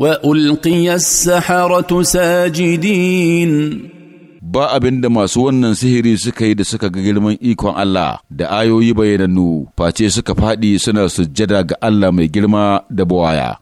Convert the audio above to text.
وألقي السحرة ساجدين ba abin da masu wannan sihiri suka yi da suka ga girman ikon Allah da ayoyi bayanannu face suka faɗi suna sujjada ga Allah mai girma da buwaya.